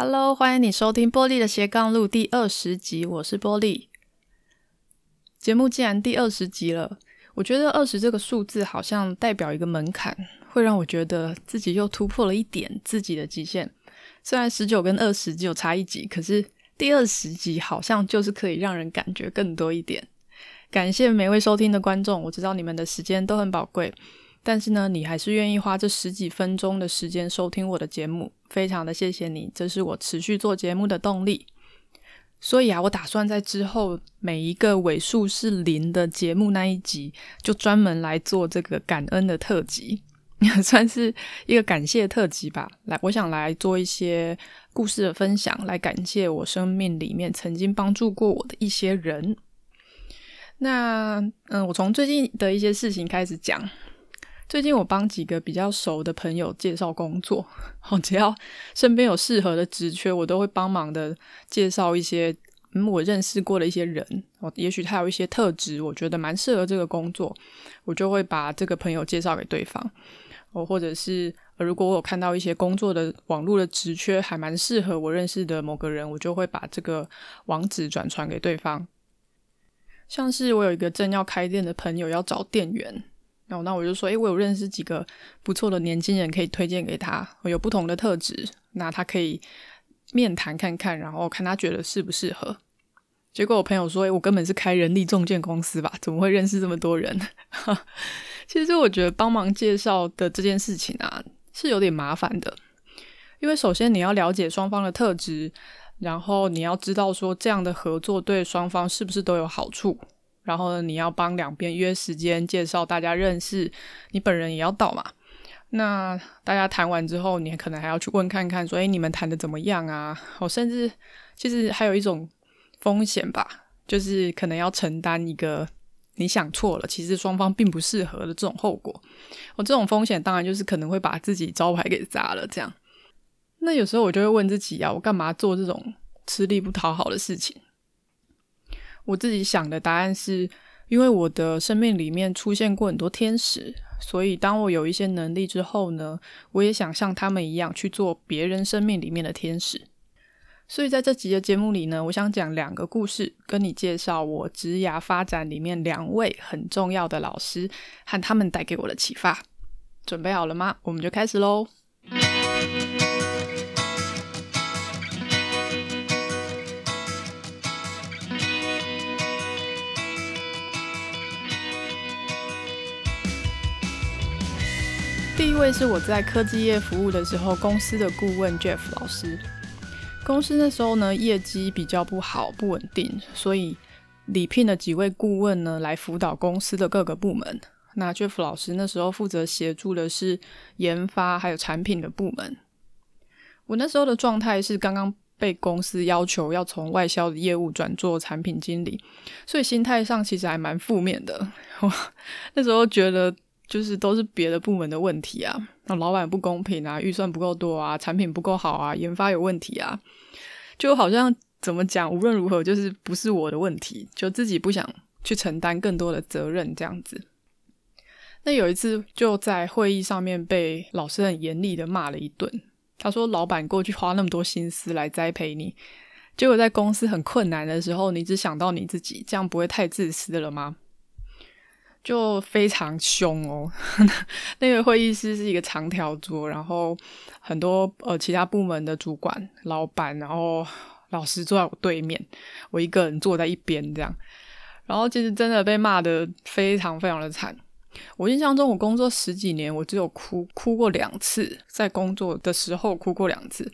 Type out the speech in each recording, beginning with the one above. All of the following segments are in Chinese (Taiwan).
Hello，歡迎你收聽 Paulie 的斜槓路第二十集，我是 Paulie。節目既然第二十集了，我覺得二十這個數字好像代表一個門檻，會讓我覺得自己又突破了一點自己的極限。雖然十九跟二十只有差一集，可是第二十集好像就是可以讓人感覺更多一點。感謝每位收聽的觀眾，我知道你們的時間都很寶貴。但是呢，你還是願意花這十幾分鐘的時間收聽我的節目，非常的謝謝你，這是我持續做節目的動力。所以啊，我打算在之後每一個尾數是零的節目那一集，就專門來做這個感恩的特輯，也算是一個感謝特輯吧。來，我想來做一些故事的分享，來感謝我生命裡面曾經幫助過我的一些人。那嗯，我從最近的一些事情開始講。最近我幫幾個比較熟的朋友介紹工作，只要身邊有適合的職缺，我都會幫忙的介紹一些嗯，我認識過的一些人。哦，也許他有一些特質，我覺得蠻適合這個工作，我就會把這個朋友介紹給對方。哦，或者是如果我有看到一些工作的網絡的職缺，還蠻適合我認識的某個人，我就會把這個網址轉傳給對方。像是我有一個正要開店的朋友要找店員。那、哦、那我就說，哎、欸，我有認識幾個不錯的年輕人可以推薦給他，我有不同的特質，那他可以面談看看，然後看他覺得適不適合。結果我朋友說，誒、欸，我根本是開人力中介公司吧？怎麼會認識這麼多人？ 其實我覺得幫忙介紹的這件事情啊，是有點麻煩的，因為首先你要了解雙方的特質，然後你要知道說這樣的合作對雙方是不是都有好處。然後呢，你要幫兩邊約時間，介紹大家認識，你本人也要到嘛。那大家談完之後，你可能還要去問看看說，所以你們談的怎麼樣啊？我、哦、甚至其實還有一種風險吧，就是可能要承擔一個你想錯了，其實雙方並不適合的這種後果。我、哦、這種風險當然就是可能會把自己招牌給砸了這樣。那有時候我就會問自己啊，我幹嘛做這種吃力不討好的事情？我自己想的答案是，因為我的生命裡面出現過很多天使，所以當我有一些能力之後呢，我也想像他們一樣去做別人生命裡面的天使。所以在這集的節目裡呢，我想講兩個故事，跟你介紹我職涯發展裡面兩位很重要的老師和他們帶給我的啟發。準備好了嗎？我們就開始嘍。第一位是我在科技業服務的時候，公司的顧問 Jeff 老師。公司那時候呢，業績比較不好，不穩定，所以禮聘了幾位顧問呢來輔導公司的各個部門。那 Jeff 老師那時候負責協助的是研發還有產品的部門。我那時候的狀態是剛剛被公司要求要從外銷的業務轉做產品經理，所以心態上其實還蠻負面的。我 那時候覺得。就是都是別的部門的問題啊，那老闆不公平啊，預算不夠多啊，產品不夠好啊，研發有問題啊，就好像怎麼講，無論如何就是不是我的問題，就自己不想去承擔更多的責任這樣子。那有一次就在會議上面被老師很嚴厲的罵了一頓，他說：“老闆過去花那麼多心思來栽培你，結果在公司很困難的時候，你只想到你自己，這樣不會太自私了嗎？”就非常兇哦， 那個會議室是一個長條桌，然後很多呃其他部門的主管、老闆，然後老師坐在我對面，我一個人坐在一邊這樣。然後其實真的被罵得非常非常的慘。我印象中，我工作十幾年，我只有哭，哭過兩次，在工作的時候哭過兩次。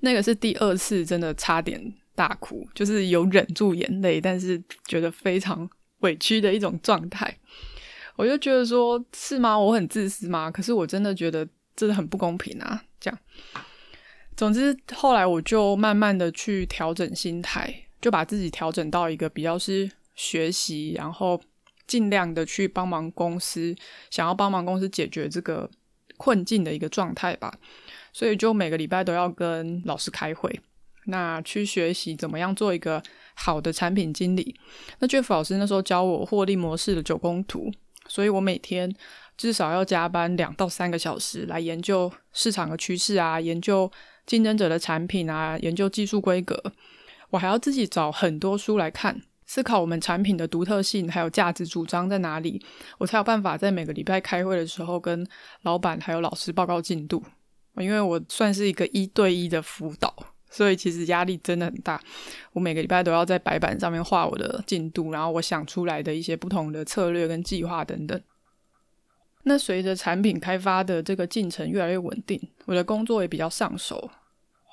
那個是第二次，真的差點大哭，就是有忍住眼淚，但是覺得非常委屈的一種狀態。我就覺得說，是嗎？我很自私嗎？可是我真的覺得這是很不公平啊！這樣，總之後來我就慢慢的去調整心態，就把自己調整到一個比較是學習，然後盡量的去幫忙公司，想要幫忙公司解決這個困境的一個狀態吧。所以就每個禮拜都要跟老師開會，那去學習怎麼樣做一個好的產品經理。那 Jeff 老師那時候教我獲利模式的九宮圖。所以我每天至少要加班兩到三個小時來研究市場的趨勢啊，研究競爭者的產品啊，研究技術規格。我還要自己找很多書來看，思考我們產品的獨特性還有價值主張在哪裡，我才有辦法在每個禮拜開會的時候跟老闆還有老師報告進度。因為我算是一個一對一的輔導。所以其實壓力真的很大，我每個禮拜都要在白板上面畫我的進度，然後我想出來的一些不同的策略跟計劃等等。那隨着產品開發的這個進程越來越穩定，我的工作也比較上手，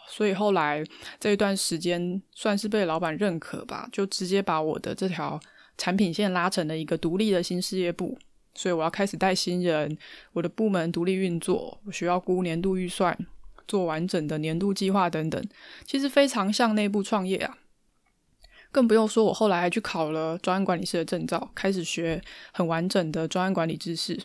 所以後來這一段時間算是被老闆認可吧，就直接把我的這條產品線拉成了一個獨立的新事業部。所以我要開始帶新人，我的部門獨立運作，我需要估年度預算。做完整的年度計劃等等，其實非常像內部創業啊，更不用說我後來還去考了專案管理師的證照，開始學很完整的專案管理知識。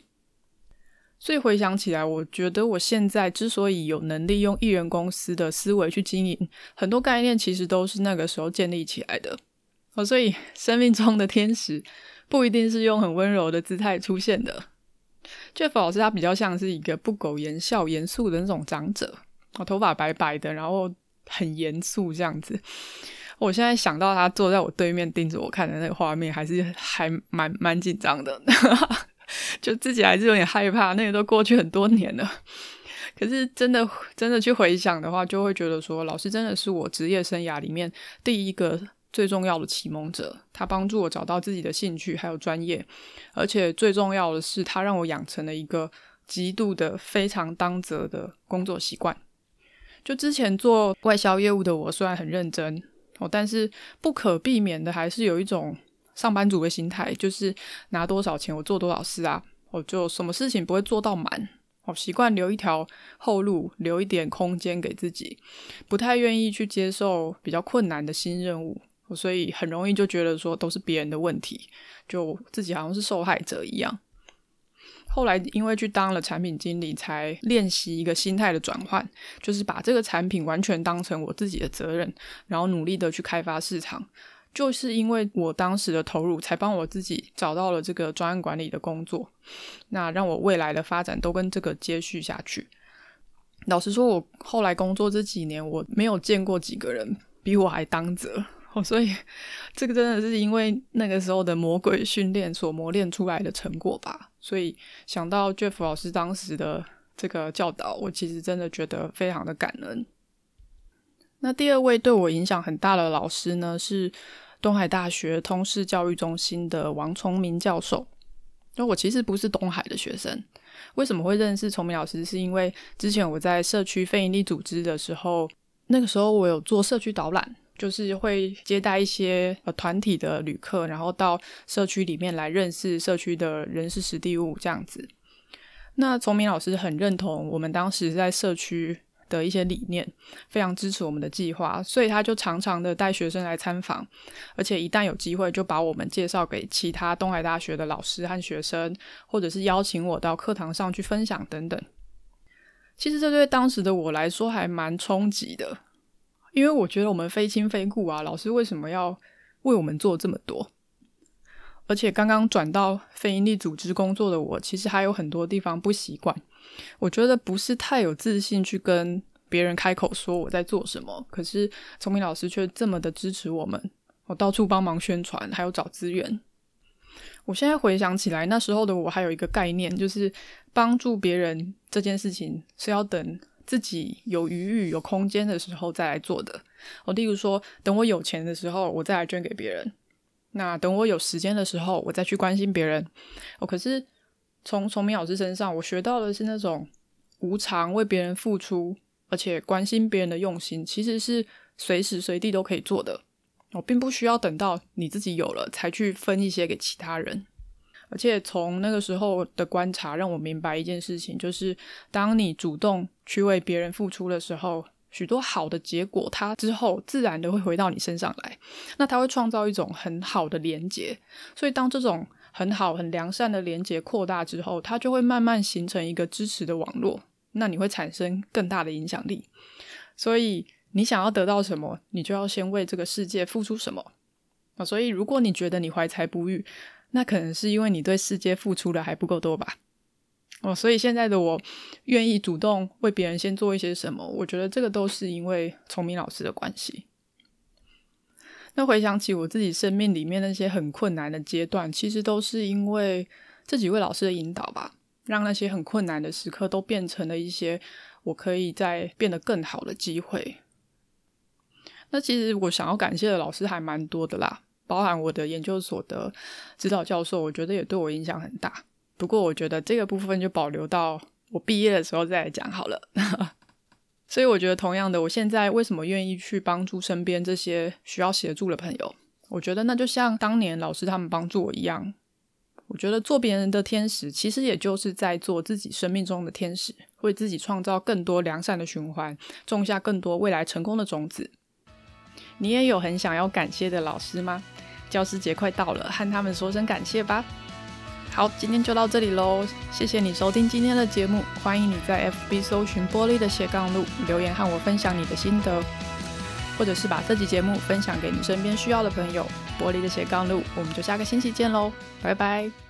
所以回想起來，我覺得我現在之所以有能力用藝人公司的思維去經營，很多概念其實都是那個時候建立起來的。哦，所以生命中的天使不一定是用很溫柔的姿態出現的，Jeff 老師他比較像是一個不苟言笑、嚴肅的那種長者。我頭髮白白的，然後很嚴肅這樣子。我現在想到他坐在我對面盯着我看的那個畫面，還是還蠻蠻，蠻緊張的， 就自己還是有點害怕。那個都過去很多年了，可是真的真的去回想的話，就會覺得說，老師真的是我職業生涯裡面第一個最重要的啟蒙者。他幫助我找到自己的興趣還有專業，而且最重要的是，他讓我養成了一個極度的非常當責的工作習慣。就之前做外銷業務的我，雖然很認真哦，但是不可避免的還是有一種上班族的心態，就是拿多少錢我做多少事啊，我就什麼事情不會做到滿，我習慣留一條後路，留一點空間給自己，不太願意去接受比較困難的新任務，所以很容易就覺得說都是別人的問題，就自己好像是受害者一樣。後來因為去當了產品經理，才練習一個心態的轉換，就是把這個產品完全當成我自己的責任，然後努力的去開發市場。就是因為我當時的投入，才幫我自己找到了這個專案管理的工作，那讓我未來的發展都跟這個接續下去。老實說，我後來工作這幾年，我沒有見過幾個人比我還當責。哦，所以，這個真的是因為那個時候的魔鬼訓練所磨練出來的成果吧。所以想到 Jeff 老師當時的這個教導，我其實真的覺得非常的感恩。那第二位對我影響很大的老師呢，是東海大學通識教育中心的王崇明教授。那我其實不是東海的學生，為什麼會認識崇明老師？是因為之前我在社區非營利組織的時候，那個時候我有做社區導覽。就是會接待一些呃團體的旅客，然後到社區裡面來認識社區的人事時地物這樣子。那聰明老師很認同我們當時在社區的一些理念，非常支持我們的計劃，所以他就常常的帶學生來參訪，而且一旦有機會就把我們介紹給其他東海大學的老師和學生，或者是邀請我到課堂上去分享等等。其實這對當時的我來說還蠻衝擊的。因為我覺得我們非親非故啊，老師為什麼要為我們做這麼多？而且剛剛轉到非營利組織工作的我，其實還有很多地方不習慣。我覺得不是太有自信去跟別人開口說我在做什麼，可是聰明老師卻這麼的支持我們。我到處幫忙宣傳，還有找資源。我現在回想起來，那時候的我還有一個概念，就是幫助別人這件事情是要等。自己有餘裕、有空間的時候再來做的。我、哦、例如說，等我有錢的時候，我再來捐給別人；那等我有時間的時候，我再去關心別人。哦，可是從崇明老師身上，我學到的是那種無償為別人付出，而且關心別人的用心，其實是隨時隨地都可以做的。我、哦、並不需要等到你自己有了才去分一些給其他人。而且從那個時候的觀察，讓我明白一件事情，就是當你主動去為別人付出的時候，許多好的結果，它之後自然的會回到你身上來。那它會創造一種很好的連結，所以當這種很好、很良善的連結擴大之後，它就會慢慢形成一個支持的網絡。那你會產生更大的影響力。所以你想要得到什麼，你就要先為這個世界付出什麼。啊，所以如果你覺得你懷才不遇，那可能是因為你對世界付出的還不夠多吧，哦，所以現在的我願意主動為別人先做一些什麼，我覺得這個都是因為崇明老師的關係。那回想起我自己生命裡面那些很困難的階段，其實都是因為這幾位老師的引導吧，讓那些很困難的時刻都變成了一些我可以再變得更好的機會。那其實我想要感謝的老師還蠻多的啦。包含我的研究所的指導教授，我覺得也對我影響很大。不過，我覺得這個部分就保留到我畢業的時候再來講好了。所以，我覺得同樣的，我現在為什麼願意去幫助身邊這些需要協助的朋友？我覺得那就像當年老師他們幫助我一樣。我覺得做別人的天使，其實也就是在做自己生命中的天使，為自己創造更多良善的循環，種下更多未來成功的種子。你也有很想要感謝的老師嗎？教師節快到了，和他們說聲感謝吧。好，今天就到這裡嘍，謝謝你收聽今天的節目，歡迎你在 FB 搜尋“玻璃的斜槓路”，留言和我分享你的心得，或者是把這期節目分享給你身邊需要的朋友。玻璃的斜槓路，我們就下個星期見嘍，拜拜。